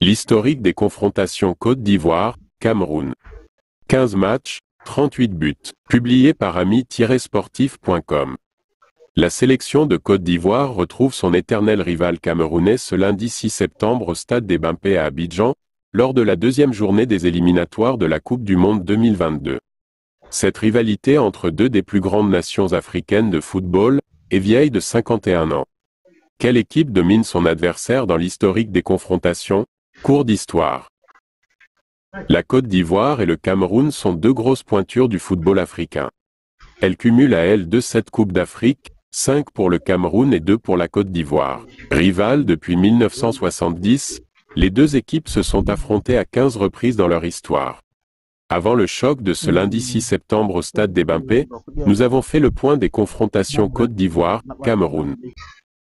L'historique des confrontations Côte d'Ivoire, Cameroun. 15 matchs, 38 buts. Publié par ami-sportif.com. La sélection de Côte d'Ivoire retrouve son éternel rival camerounais ce lundi 6 septembre au stade des Bimpés à Abidjan, lors de la deuxième journée des éliminatoires de la Coupe du Monde 2022. Cette rivalité entre deux des plus grandes nations africaines de football est vieille de 51 ans. Quelle équipe domine son adversaire dans l'historique des confrontations Cours d'histoire. La Côte d'Ivoire et le Cameroun sont deux grosses pointures du football africain. Elles cumulent à elles deux sept Coupes d'Afrique, cinq pour le Cameroun et deux pour la Côte d'Ivoire. Rivales depuis 1970, les deux équipes se sont affrontées à 15 reprises dans leur histoire. Avant le choc de ce lundi 6 septembre au stade des Bimpés, nous avons fait le point des confrontations Côte d'Ivoire-Cameroun.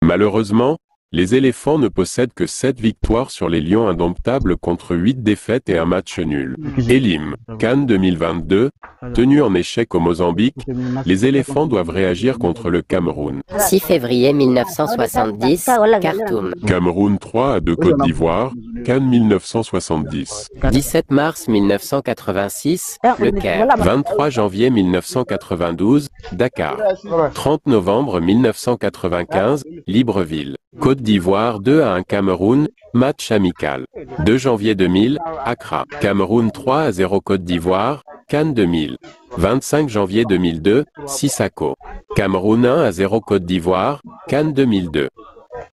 Malheureusement, les éléphants ne possèdent que 7 victoires sur les lions indomptables contre 8 défaites et un match nul. Elim, Cannes 2022, tenu en échec au Mozambique, les éléphants doivent réagir contre le Cameroun. 6 février 1970, Khartoum. Cameroun 3 à 2 Côte d'Ivoire, Cannes 1970. 17 mars 1986, Le Caire. 23 janvier 1992, Dakar. 30 novembre 1995, ah, Libreville. Côte d'Ivoire 2 à 1 Cameroun, match amical. 2 janvier 2000, Accra. Cameroun 3 à 0 Côte d'Ivoire, Cannes 2000. 25 janvier 2002, Sissako. Cameroun 1 à 0 Côte d'Ivoire, Cannes 2002.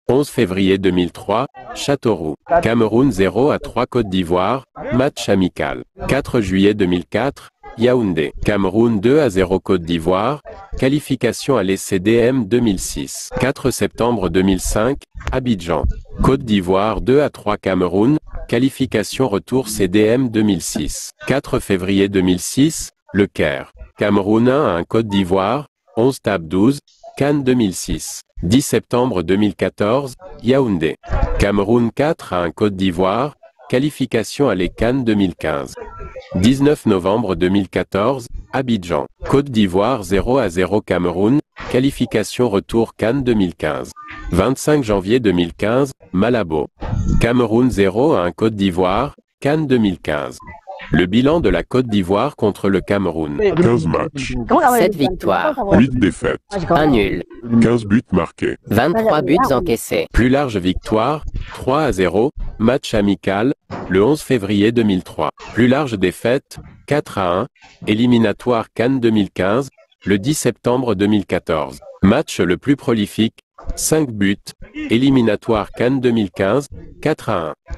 11 février 2003, Châteauroux. Cameroun 0 à 3 Côte d'Ivoire, match amical. 4 juillet 2004, Yaoundé. Cameroun 2 à 0 Côte d'Ivoire, Qualification à l'ECDM 2006. 4 septembre 2005, Abidjan. Côte d'Ivoire 2 à 3 Cameroun. Qualification retour CDM 2006. 4 février 2006, Le Caire. Cameroun 1 à un Côte d'Ivoire. 11 table 12, Cannes 2006. 10 septembre 2014, Yaoundé. Cameroun 4 à un Côte d'Ivoire. Qualification à les 2015. 19 novembre 2014, Abidjan. Côte d'Ivoire 0 à 0 Cameroun, qualification retour Cannes 2015. 25 janvier 2015, Malabo. Cameroun 0 à 1 Côte d'Ivoire, Cannes 2015. Le bilan de la Côte d'Ivoire contre le Cameroun. 15 matchs. 7 victoires. 8 défaites. 1 ah, nul. 15 buts marqués. 23 buts ah, encaissés. Plus large victoire, 3 à 0, Match amical, le 11 février 2003. Plus large défaite, 4 à 1, éliminatoire Cannes 2015, le 10 septembre 2014. Match le plus prolifique, 5 buts, éliminatoire Cannes 2015, 4 à 1.